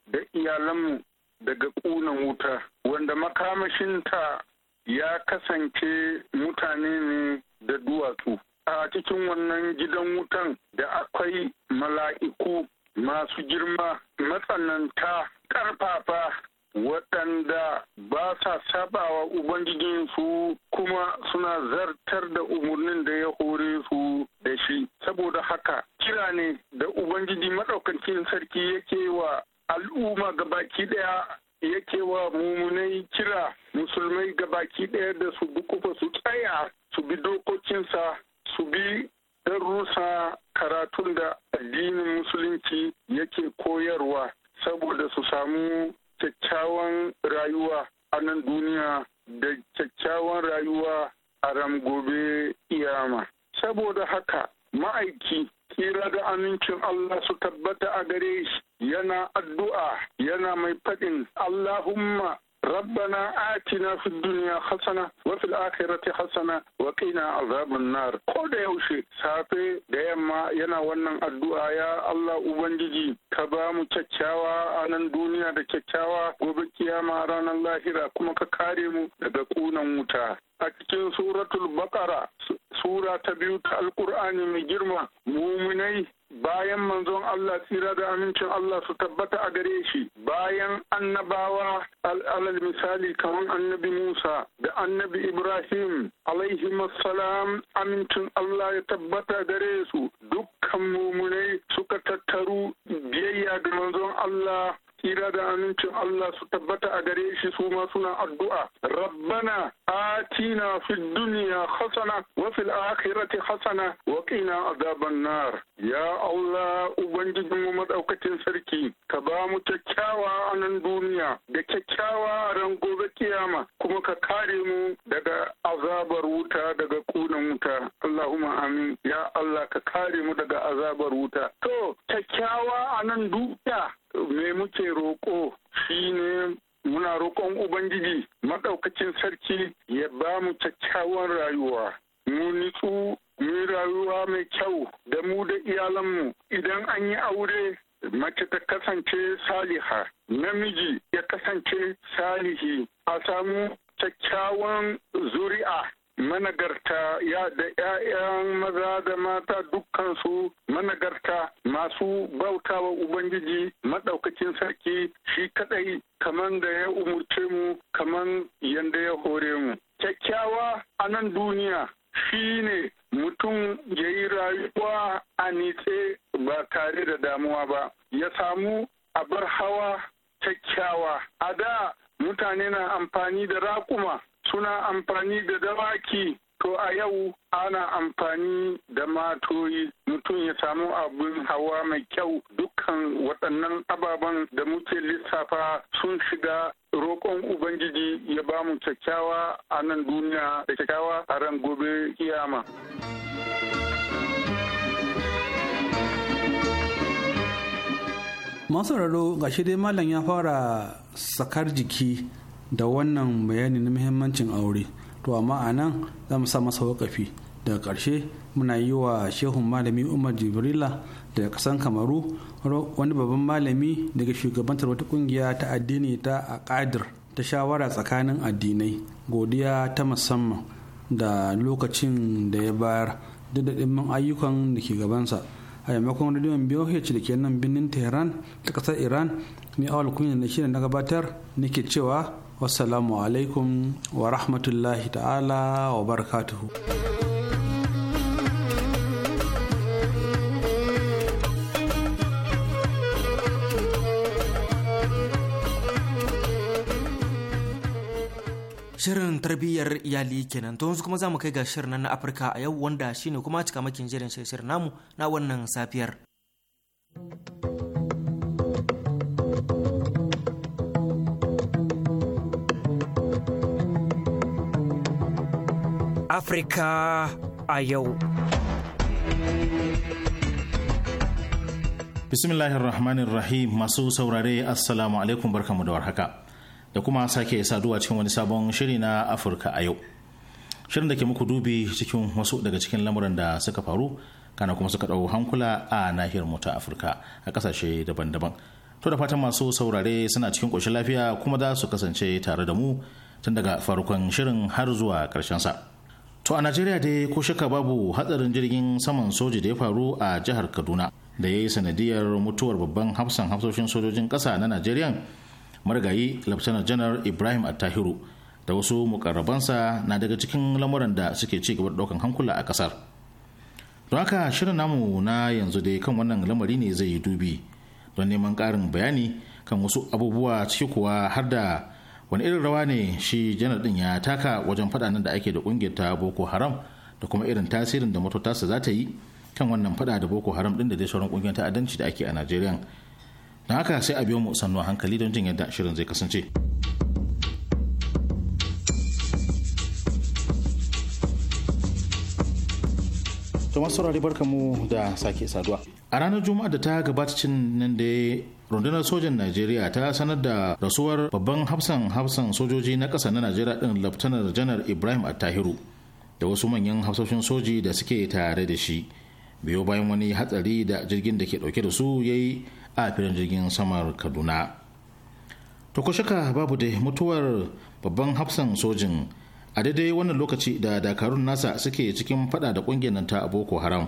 da iyalanmu daga ƙunan wuta wanda makamashinta ya kasance mutane ne da duwatsu a cikin wannan gidan wutan da akwai mala'iku masu girma matsananta ƙarfafa waɗanda ba sa sabawa Ubangijinsu kuma suna zartar da umarnin da ya hore su da shi. Saboda haka kira ne da Ubangiji maɗaukakin sarki yake wa al'umma gabaki ɗaya yake wa mummunai kira musulmai gabaki ɗaya da su bukufa su tsaya su bi dokokinsa su bi dan rusa karatun da addinin musulunci yake koyarwa saboda su samu kyakkyawan rayuwa a nan duniya da kyakkyawan rayuwa a ran gobe iyama. Saboda haka ma'aiki kira da amincin Allah su tabbata a gare shi yana addu'a yana mai faɗin Allahumma rabbana atina fid dunya hasana wa fil akhirati hasana wa qina azaban nar ko da yaushe safe da yamma yana wannan addu'a ya Allah ubangiji ka ba mu kyakkyawa a nan duniya da kyakkyawa gobe kiyama ranar lahira kuma ka kare mu daga kunan wuta a cikin suratul baqara sura ta biyu ta alkur'ani mai girma muminai bayan manzon Allah tsira da amincin Allah su tabbata a gare shi bayan annabawa alal misali kamar annabi Musa da annabi Ibrahim alaihi amincin Allah ya tabbata gare su dukkan mumunai suka tattaru biyayya ga manzon Allah Kira da amincin Allah su tabbata a gare shi su ma suna addu'a rabbana atina fi duniya hasana wa fil akhirati hasana wa qina azaban nar ya Allah ubangijin mu madaukakin sarki ka ba mu kyakkyawa a nan duniya da kyakkyawa a ran gobe kiyama kuma ka kare mu daga azabar wuta daga kunan wuta Allahumma amin ya Allah ka kare mu daga azabar wuta to kyakkyawa a nan duniya me muke roƙo shine muna roƙon ubangiji maɗaukacin sarki ya ba mu kyakkyawan rayuwa mu nitsu mu rayuwa mai kyau da mu da iyalanmu idan an yi aure mace ta kasance saliha namiji ya kasance salihi a samu kyakkyawan zuri'a managarta ya da 'ya'yan maza da mata dukkansu managarta masu bauta wa ubangiji maɗaukacin sarki shi kadai kaman da ya umurce mu kaman yanda ya hore mu kyakkyawa a nan duniya shi ne mutum ya yi rayuwa a nitse ba tare da damuwa ba ya samu abar hawa kyakkyawa a da mutane na amfani da raƙuma suna amfani da dawaki to a yau ana amfani da matoyi mutum ya samu abin hawa mai kyau dukkan waɗannan ababen da muke lissafa sun shiga roƙon ubangiji ya ba mu kyakkyawa a nan duniya da kyakkyawa a ran gobe kiyama. masu raro ga dai malam ya fara sakar jiki da wannan bayani na muhimmancin aure to amma a nan za mu sa masa wakafi daga ƙarshe muna yi wa shehun malami umar jibrila daga ƙasan kamaru wani babban malami daga shugabantar wata ƙungiya ta addini ta ƙadir ta shawara tsakanin addinai godiya ta musamman da lokacin da ya bayar duk da ayyukan da ke gabansa a yammakon rediyon BOH da ke nan birnin Tehran ta ƙasar Iran ni awal kunya na shirin na gabatar nake cewa wasalamu alaikum wa rahmatullahi ta'ala wa barakatuhu Shirin tarbiyyar iyali kenan to yanzu kuma za mu kai ga shirin na Afirka a yau wanda shine kuma cika makin jirin shirin namu na wannan safiyar. Afirka a yau. Bismillahirrahmanirrahim masu saurare Assalamu alaikum barkamu da warhaka da kuma sake saduwa cikin wani sabon shiri na Afirka a yau. Shirin da ke muku dubi cikin wasu daga cikin lamuran da suka faru kana kuma suka ɗau hankula a nahiyar mu ta Afirka a ƙasashe daban-daban. To da fatan masu saurare suna cikin ƙoshin lafiya kuma za su kasance tare da mu tun daga farkon shirin har zuwa ƙarshen sa. To a Najeriya dai ko shaka babu hatsarin jirgin saman soji da ya faru a jihar Kaduna da ya yi sanadiyar mutuwar babban hafsan hafsoshin sojojin ƙasa na Najeriya marigayi Laftanar Janar Ibrahim Attahiru da wasu mukarrabansa na daga cikin lamuran da suke ci gaba ɗaukan hankula a ƙasar. Don haka shirin namu na yanzu dai kan wannan lamari ne zai yi dubi don neman ƙarin bayani kan wasu abubuwa ciki kuwa har da wani irin rawa ne shi janar din ya taka wajen faɗa da ake da kungiyar ta boko haram da kuma irin tasirin da matotarsa za ta yi kan wannan faɗa da boko haram din da dai sauran kungiyar ta'addanci da ake a najeriya na haka sai a biyo mu sannu a hankali don jin yadda shirin zai kasance. to masu barka mu da sake saduwa a ranar juma'a da ta gabata cin nan da rundunar sojan najeriya ta sanar da rasuwar babban hafsan hafsan sojoji na ƙasa na najeriya ɗin laftanar janar ibrahim attahiru da wasu manyan hafsoshin soji da suke tare da shi biyo bayan wani hatsari da jirgin da ke ɗauke da su ya yi a filin jirgin samar kaduna to babu da mutuwar babban hafsan sojin a daidai wannan lokaci da dakarun nasa suke cikin fada da kungiyar ta boko haram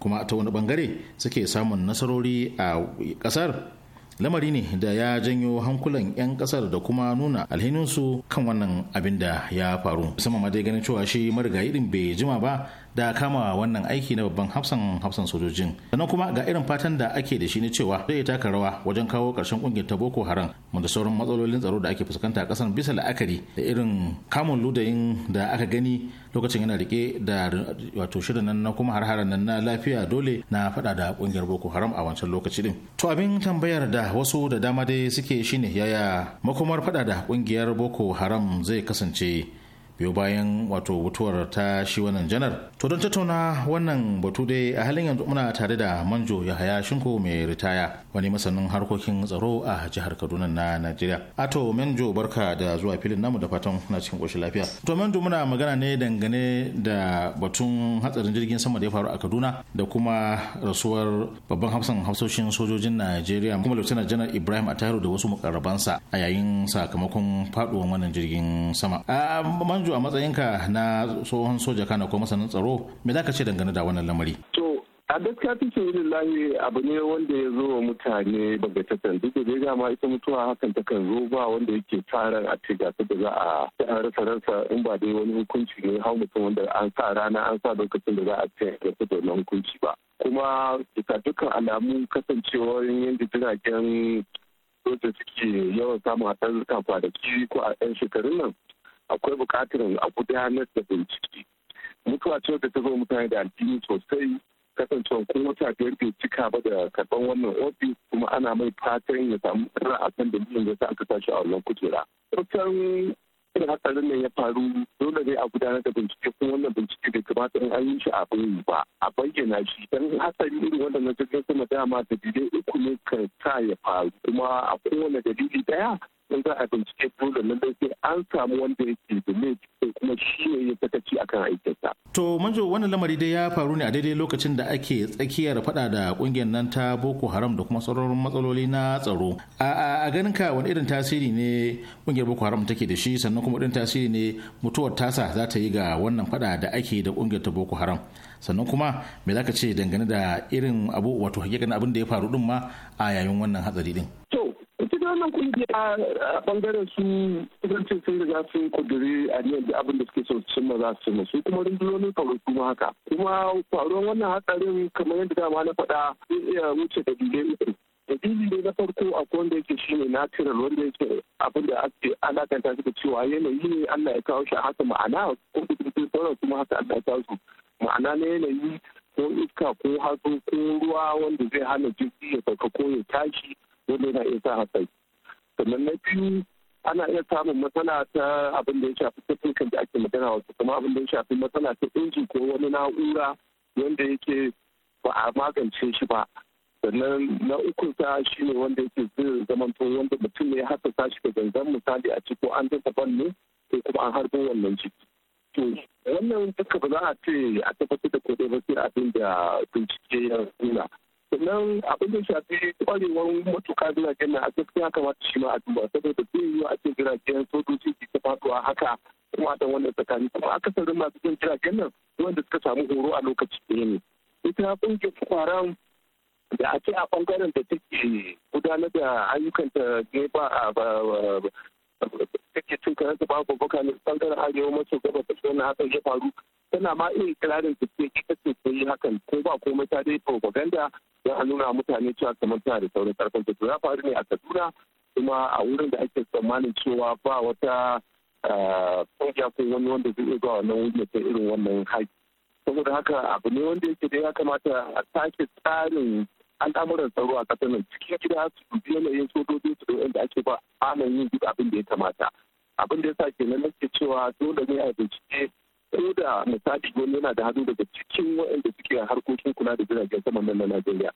kuma ta wani bangare suke samun nasarori a kasar lamari ne da ya janyo hankulan 'yan kasar da kuma nuna su kan wannan abin da ya faru musamman ma dai ganin cewa shi marigayi din bai jima ba da kama wannan aiki na babban hafsan hafsan sojojin sannan kuma ga irin fatan da ake da shi ne cewa zai taka rawa wajen kawo ƙarshen ƙungiyar ta boko haram da sauran matsalolin tsaro da ake fuskanta a ƙasar bisa la'akari da irin kamun ludayin da aka gani lokacin yana rike da wato shirin nan na kuma har nan na lafiya dole na faɗa da kungiyar boko haram a wancan lokaci din to abin tambayar da wasu da dama dai suke shine yaya makomar faɗa da ƙungiyar boko haram zai kasance biyo bayan wato mutuwar ta shi wannan janar to don tattauna wannan batu dai a halin yanzu muna tare da manjo yahaya shinko mai ritaya wani masanin harkokin tsaro a jihar kaduna na najeriya ato manjo barka da zuwa filin namu da fatan na cikin koshi lafiya to manjo muna magana ne dangane da batun hatsarin jirgin sama da ya faru a kaduna da kuma rasuwar babban hafsan hafsoshin sojojin najeriya kuma lieutenant janar ibrahim atahiru da wasu mukarrabansa a yayin sakamakon faduwan wannan jirgin sama manjo Manjo a matsayinka na tsohon soja kana ko masanin tsaro me za ka ce dangane da wannan lamari? To a gaskiya cikin lillahi abu ne wanda ya zo wa mutane bagatatan duk da zai ma ita mutuwa hakan ta kan zo ba wanda yake tsara a ce gasa da za a rasa rasa in ba dai wani hukunci ne hau mutum wanda an sa rana an sa lokacin da za a ce ya fito na hukunci ba kuma bisa dukkan alamu kasancewar yin jiragen soja suke yawan samun a da ko a yan shekarun nan akwai bukatar a gudanar da bincike mutuwa ce da ta zo mutane da alfini sosai kasancewa kun wata biyar bai cika ba da karban wannan ofis kuma ana mai fatan ya samu kara a kan dalilin da sa aka tashi a wannan kujera. Kusan irin hatsarin nan ya faru dole ne a gudanar da bincike kuma wannan bincike da kamata in an yi shi a bayan ba a bayyana shi dan hatsari irin wannan na jirgin sama dama da dalilai uku ne kan sa ya faru kuma a kowane dalili daya in za a bincike dole na sai an samu wanda yake da laifi kuma shi ne ya ci akan aikinsa. To manjo wannan lamari dai ya faru ne a daidai lokacin da ake tsakiyar fada da kungiyar nan ta Boko Haram da kuma sauran matsaloli na tsaro. A ganin ka wani irin tasiri ne kungiyar Boko Haram take da shi sannan kuma irin tasiri ne mutuwar tasa za ta yi ga wannan fada da ake da kungiyar ta Boko Haram. sannan kuma me zaka ce dangane da irin abu wato hakikanin abin da ya faru din ma a yayin wannan hatsari din to wannan kungiya a bangaren su kudancin sun riga sun kuduri a niyan da abin da suke so su maza su masu su kuma rundunonin tsaro kuma haka kuma faruwar wannan hatsarin kamar yadda dama na faɗa zai iya wuce da dalilai uku dalili ne na farko a da yake shine natural wanda yake abin da ake alakanta shi da cewa yanayi ne Allah ya kawo shi a haka ma'ana ko kudin sauran kuma haka Allah ya kawo su ma'ana na yanayi ko iska ko hazo ko ruwa wanda zai hana jirgi ya sauka ko ya tashi wanda yana iya sa hatsari sannan na biyu ana iya samun matsala ta abin da ya shafi technical da ake magana wasu kuma abin da ya shafi matsala ta injin ko wani na'ura wanda yake ba a magance shi ba sannan na uku ta shi ne wanda yake zai zamanto wanda mutum ne ya hassasa shi ga zanzan misali a ciki ko an dasa ban ne ko kuma an harbo wannan ciki to wannan duka ba za a ce a tabbatar da kodai ba sai abin da bincike ya nuna sannan abin da shafi kwarewar matuka jiragen na a gaskiya kamata shi ma a duba saboda zai yi a ce jiragen sojoji ke ta a haka kuma da wannan tsakani kuma akasarin masu jin jiragen nan wanda suka samu horo a lokaci ɗaya ne ita kungiyar kwaran da ake a ɓangaren da take gudanar da ayyukan ta ne ba a take cin karar da babu baka ne bangaren arewa maso gabas da suna hakan ya faru tana ma iya kirarin su ce ita ta yi hakan ko ba komai ta dai propaganda don a nuna mutane cewa kamar tana da saurin karfin ta ya faru ne a kaduna kuma a wurin da ake tsammanin cewa ba wata eh, kungiya ko wani wanda zai iya zuwa wannan wuri ta irin wannan haƙi saboda haka abu ne wanda yake da ya kamata a sake tsarin al'amuran tsaro a ƙasar nan cikin gida su dubi yanayin sojoji su da ake ba nan yin duk abin da ya kamata abin da ya sa kenan nake cewa dole ne a bincike ko da misali wani yana da hannu daga cikin waɗanda suke harkokin kula da jiragen sama na Najeriya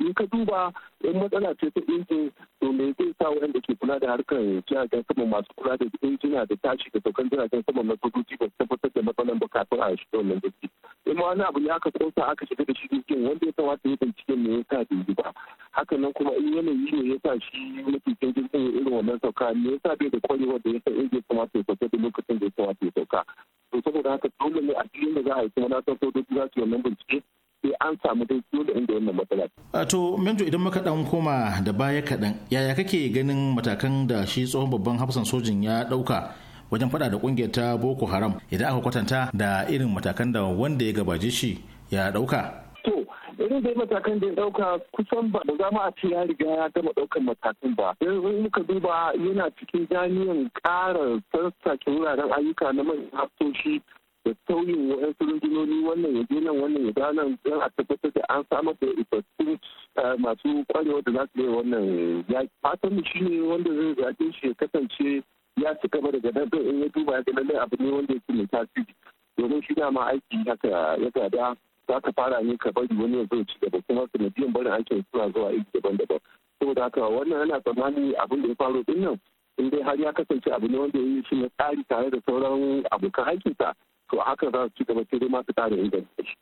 in ka duba in matsala ce ta injin to me zai sa waɗanda ke kula da harkar jiragen sama masu kula da injina da tashi da saukan jiragen sama na sojoji ba su tabbatar da matsalan ba kafin a shi wannan gaske in ma wani abu ne aka kosa aka shiga da shi jirgin wanda ya kamata ya bincike me yasa bai yi ba haka nan kuma in yanayi ne ya sa shi mafi jirgin ya irin wannan sauka me ya sa bai da kwarewa da ya sa inda ya kamata ya sauka da lokacin da ya kamata ya sauka to saboda haka dole ne a cikin da za a yi kuma na san sojoji za su yi wannan bincike sai an samu dai dole inda wannan matsala. to Minjo idan muka dan koma da baya kaɗan yaya kake ganin matakan da shi tsohon babban hafsan sojin ya ɗauka wajen faɗa da ƙungiyar ta Boko Haram idan aka kwatanta da irin matakan da wanda ya gabaje shi ya ɗauka. To irin dai matakan da ya ɗauka, kusan ba da zama a ce ya riga ya gama ɗaukar matakan ba yanzu muka duba yana cikin jami'an ƙara sassake wuraren ayyuka na manyan hafsoshi da sauyin wa'yansu rundunoni wannan ya je nan wannan ya da nan don a tabbatar da an samar da isassun eh, masu kwarewa da za su yi wannan yaki fatan shi ne wanda zai zaɓe shi ya kasance ya ci gaba daga nan in ya duba ya ga lallai abu ne wanda ci mai tasiri domin shi dama aiki haka ya gada za ka fara ne ka bari wani ya zo ci gaba kuma biyan barin aikin suna zuwa aiki daban-daban saboda haka wannan yana tsammani abin da ya faru din nan in dai har ya kasance abu ne wanda ya yi shi na tsari tare da sauran abokan aikinsa to haka za su ci gaba sai dai masu ƙara inganta shi.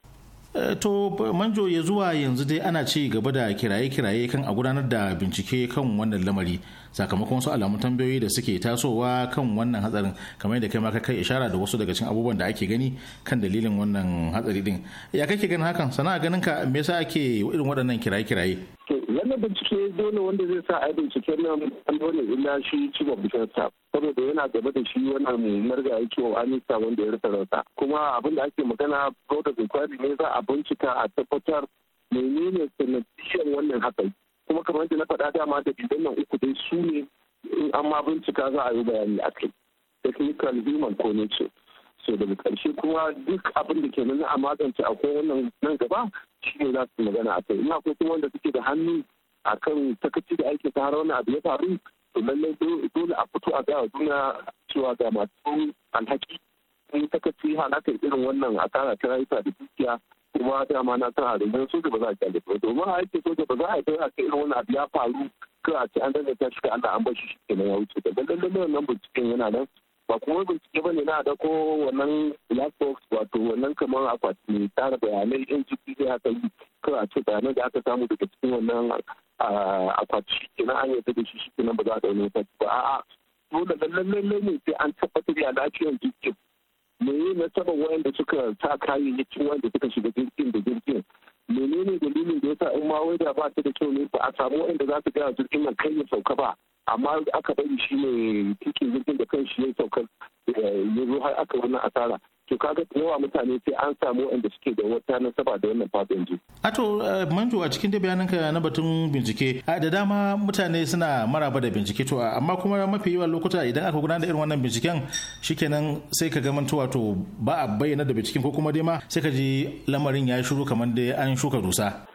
Eh, to manjo ya zuwa yanzu dai ana ci gaba da kiraye-kiraye kan a gudanar da bincike kan wannan lamari sakamakon su alamun tambayoyi da suke tasowa kan wannan hatsarin kamar yadda kai ma kai ishara da wasu daga cikin abubuwan da ake gani kan dalilin wannan hatsari din ya kake ganin hakan sana'a ganin ka me yasa ake irin waɗannan kiraye-kiraye wannan bincike dole wanda zai sa a yi bincike nan an dole illa shi ciwon of saboda yana gaba da shi wannan marga yake wa anista wanda ya rasa rasa kuma abin da ake magana ko da inquiry ne za a bincika a tabbatar menene sanadiyar wannan hakan kuma kamar yadda na faɗa dama da bidan nan uku dai su ne in an ma bincika za a yi bayani a kai technical human connection so daga ƙarshe kuma duk abin da ke nan a magance akwai wannan nan gaba shi ne za su magana a kai ina akwai kuma wanda suke da hannu a kan takaci da aiki ta har wani abu ya faru to lallai dole a fito a a juna cewa ga masu alhaki sun takaci halakar irin wannan a asara ta rayuka da dukiya kuma dama na san a soja ba za a kyale ba domin a yake soja ba za a yi a kai irin wani abu ya faru kawai a ce an daina shi ka da an bar shi shi kenan ya wuce da lallai wannan binciken yana nan ba kuma bincike ba ne na da ko wannan black box wato wannan kamar akwati tara bayanai yan jiki sai aka yi kawai a ce bayanai da aka samu daga cikin wannan akwati shi kenan an yadda da shi shi kenan ba za a ɗaune ba a'a dole lallai ne sai an tabbatar da lafiyar jikin me ne na saba da suka sa kayayyakin wanda suka shiga jirgin da jirgin menene dalilin da yasa in ma wai da ba ta da kyau ne ba a samu wanda za su gaya jirgin nan kai ya sauka ba amma aka bari shi ne cikin jirgin da kan shi ya sauka eh, ya zo har aka wannan asara to kaga yawa mutane sai an samu wanda suke da wata nasaba da wannan fatan ji. to eh, manjo a cikin da ka na batun bincike da dama mutane suna maraba da bincike to amma kuma mafi yawan lokuta idan aka gudanar da irin wannan binciken shikenan sai ka ga mantuwa to ba a bayyana da binciken ko kuma dai ma sai ka ji lamarin ya shiru kamar dai an shuka dusa.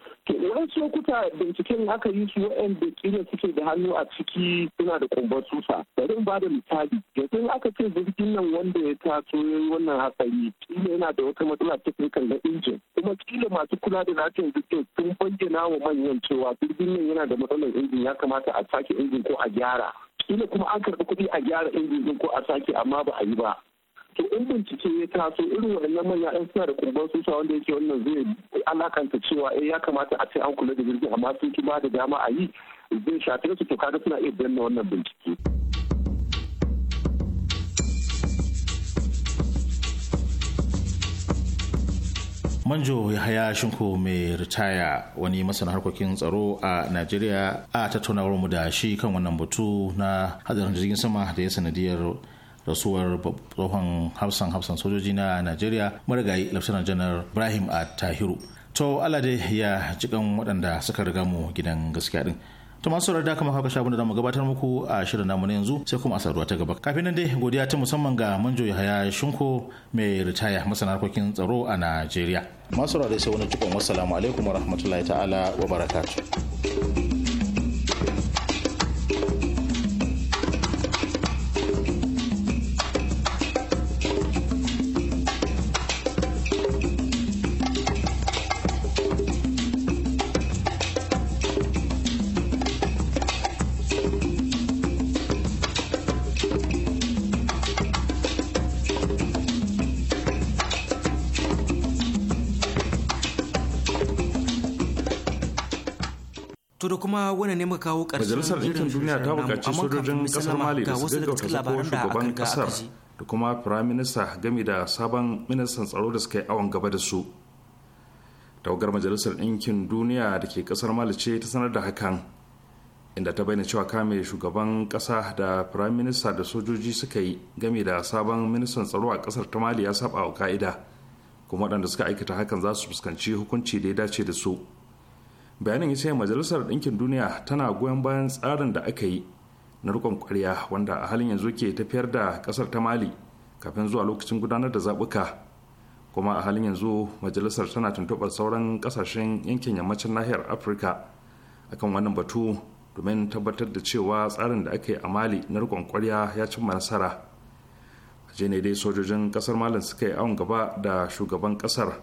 duka binciken aka yi su waɗanda kila suke da hannu a ciki suna da kumbar susa bari in bada misali yanzu aka ce jirgin nan wanda ya taso ya yi wannan hatsari kila yana da wata matsala teknikal na injin kuma kila masu kula da lafiyar jirgin sun bayyana wa manyan cewa jirgin nan yana da matsalar injin ya kamata a sake injin ko a gyara kila kuma an karɓi kuɗi a gyara injin ko a sake amma ba a yi ba to in bincike ya taso irin waɗannan manya ɗan suna da kumban susa wanda yake wannan zai alakanta cewa eh ya kamata a ce an kula da jirgin amma sun ki ba da dama a yi zai shafe su to kaga suna iya danna wannan bincike. manjo ya haya shinku mai ritaya wani masana harkokin tsaro a nigeria a tattaunawar mu da shi kan wannan batu na hadarin jirgin sama da ya sanadiyar rasuwar tsohon hafsan hafsan sojoji na nigeria marigayi lafsanar janar ibrahim a tahiru to alade ya cikan waɗanda suka riga mu gidan gaskiya din to masu da kama haka shabun da mu gabatar muku a shirin namu na yanzu sai kuma a saduwa ta gaba kafin nan dai godiya ta musamman ga manjo yahaya shinko mai ritaya masana harkokin tsaro a nigeria. masu rarda sai wani cikon wasu alaikum rahmatullahi ta'ala wa barakatuh To da kuma wani ne muka kawo ƙarshen Majalisar Ɗinkin Duniya ta buƙaci sojojin ƙasar Mali da su gaggauta sako shugaban ƙasar da kuma firaminista game da sabon ministan tsaro da suka yi awon gaba da su. Tawagar Majalisar Ɗinkin Duniya da ke ƙasar Mali ce ta sanar da hakan inda ta bayyana cewa kame shugaban ƙasa da firaminista da sojoji suka yi game da sabon ministan tsaro a ƙasar ta Mali ya saba wa ka'ida kuma waɗanda suka aikata hakan za su fuskanci hukunci da ya dace da su. bayanin ya ce majalisar ɗinkin duniya tana goyon bayan tsarin da aka yi na rikon kwarya wanda a halin yanzu ke tafiyar da ƙasar ta mali kafin zuwa lokacin gudanar da zaɓuka kuma a halin yanzu majalisar tana tuntuɓar sauran ƙasashen yankin yammacin nahiyar afirka akan wannan batu domin tabbatar da cewa tsarin da aka yi a mali na rikon kwarya ya cimma nasara a ne dai sojojin ƙasar malin suka yi awon gaba da shugaban ƙasar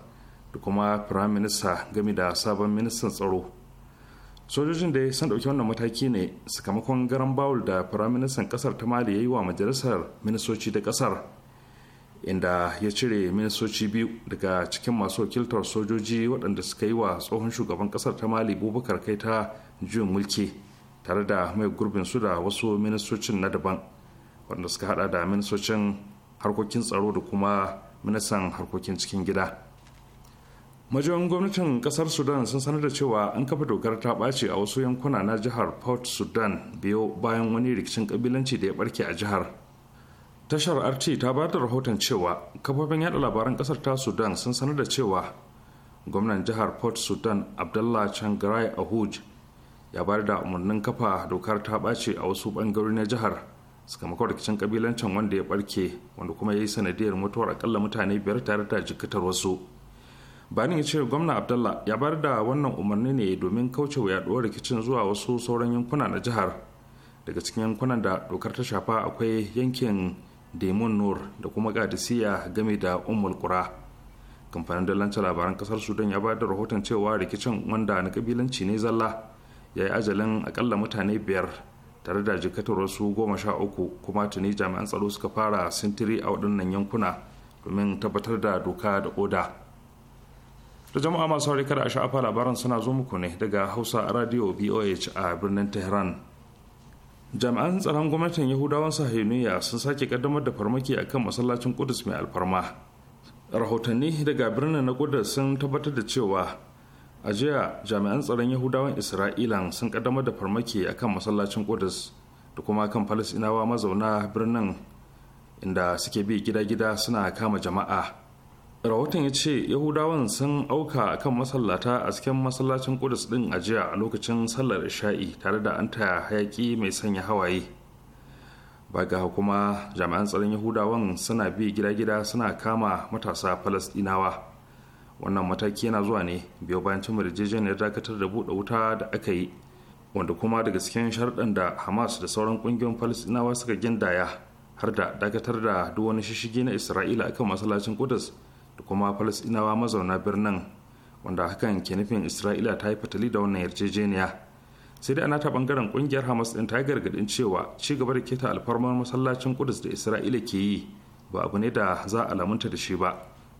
da kuma firayim minista game da sabon ministan tsaro sojojin da sun ɗauki wannan mataki ne sakamakon garan bawul da firaministan kasar ta mali ya yi wa majalisar ministoci da kasar inda ya cire ministoci biyu daga cikin masu wakiltar sojoji waɗanda suka yi wa tsohon shugaban kasar ta mali bubakar kaita juyin mulki tare da mai gurbin su da wasu ministocin na daban waɗanda suka hada da ministocin harkokin tsaro da kuma ministan harkokin cikin gida majiyoyin gwamnatin kasar sudan sun sanar da cewa an kafa dokar ta ɓace a wasu yankuna na jihar port sudan biyo bayan wani rikicin kabilanci da ya barke a jihar tashar rt ta ba da rahoton cewa kafofin yada labaran kasar ta sudan sun sanar da cewa gwamnan jihar port sudan abdullah changarai ahuj ya bayar da umarnin kafa dokar ta ɓace a wasu ɓangarori na jihar sakamakon rikicin kabilancin wanda ya barke wanda kuma ya yi sanadiyar mutuwar akalla mutane biyar tare da jikatar wasu banin ya ce gwamna abdallah ya bar da wannan umarni ne domin kauce wa yaduwar rikicin zuwa wasu sauran yankuna na jihar daga cikin yankunan da dokar ta shafa akwai yankin demon nur da kuma gadisiya game da umul kura kamfanin dalancin labaran kasar sudan ya bayar da rahoton cewa rikicin wanda na kabilanci ne zalla ya yi ajalin akalla mutane biyar tare da jikatar wasu goma sha uku kuma tuni jami'an tsaro suka fara sintiri a waɗannan yankuna domin tabbatar da doka da oda da jama'a masu harika kada a sha'afa labaran suna zo muku ne daga hausa radio boh a birnin tehran jami'an tsaron gwamnatin yahudawan sahiyuniya sun sake kaddamar da farmaki akan masallacin kudus mai alfarma rahotanni daga birnin na kudus sun tabbatar da cewa a jiya jami'an tsaron yahudawan isra'ila sun kaddamar da farmaki akan masallacin kudus da kuma kan falasinawa mazauna birnin inda suke bi gida-gida suna kama jama'a rahoton ya ce yahudawan sun auka kan masallata a cikin masallacin kudus din a jiya a lokacin sallar isha'i tare da an taya hayaki mai sanya hawaye baga kuma jami'an tsaron yahudawan suna bi gida-gida suna kama matasa falastinawa wannan mataki yana zuwa ne biyo bayan cin yarjejeniyar dakatar da buɗe wuta da aka yi wanda kuma daga cikin sharɗin da hamas da sauran ƙungiyoyin falastinawa suka gindaya har da dakatar da duk wani shishigi na isra'ila akan masallacin kudus da kuma falasinawa mazauna birnin wanda hakan ke nufin isra'ila ta yi fatali da wannan yarjejeniya sai dai ana ta bangaren kungiyar hamas din ta gargadin cewa ci gaba da keta alfarmar masallacin kudus da isra'ila ke yi ba abu ne da za a lamunta da shi ba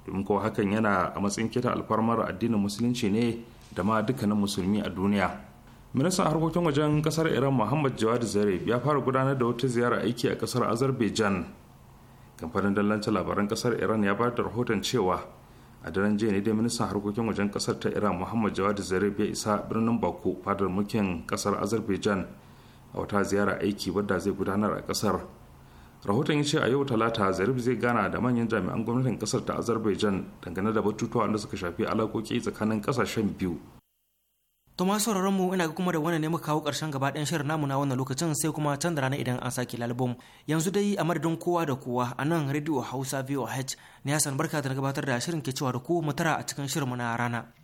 domin kuwa hakan yana a matsayin keta alfarmar addinin musulunci ne da ma dukkanin musulmi a duniya ministan harkokin wajen kasar iran muhammad jawad zarif ya fara gudanar da wata ziyara aiki a kasar azerbaijan kamfanin dallancin labaran kasar iran ya bayar da rahoton cewa a daren jiya ne dai ministan harkokin wajen kasar ta iran muhammad jawad zarif ya isa birnin baku fadar mulkin kasar azerbaijan a wata ziyara aiki wadda zai gudanar a kasar rahoton ya ce a yau talata zarif zai gana da manyan jami'an gwamnatin kasar ta azerbaijan dangane da batutuwa da suka shafi alakoki tsakanin ƙasashen biyu To masu sauraron mu ina ga kuma da wannan ne muka kawo ƙarshen gaba ɗayan shirin namu na wannan lokacin sai kuma canza da rana idan an sake lalbum. Yanzu dai a madadin kowa da kowa a nan Radio Hausa VOH ne Hassan barka da gabatar da shirin ke cewa da ku mutara a cikin shirin mu na rana.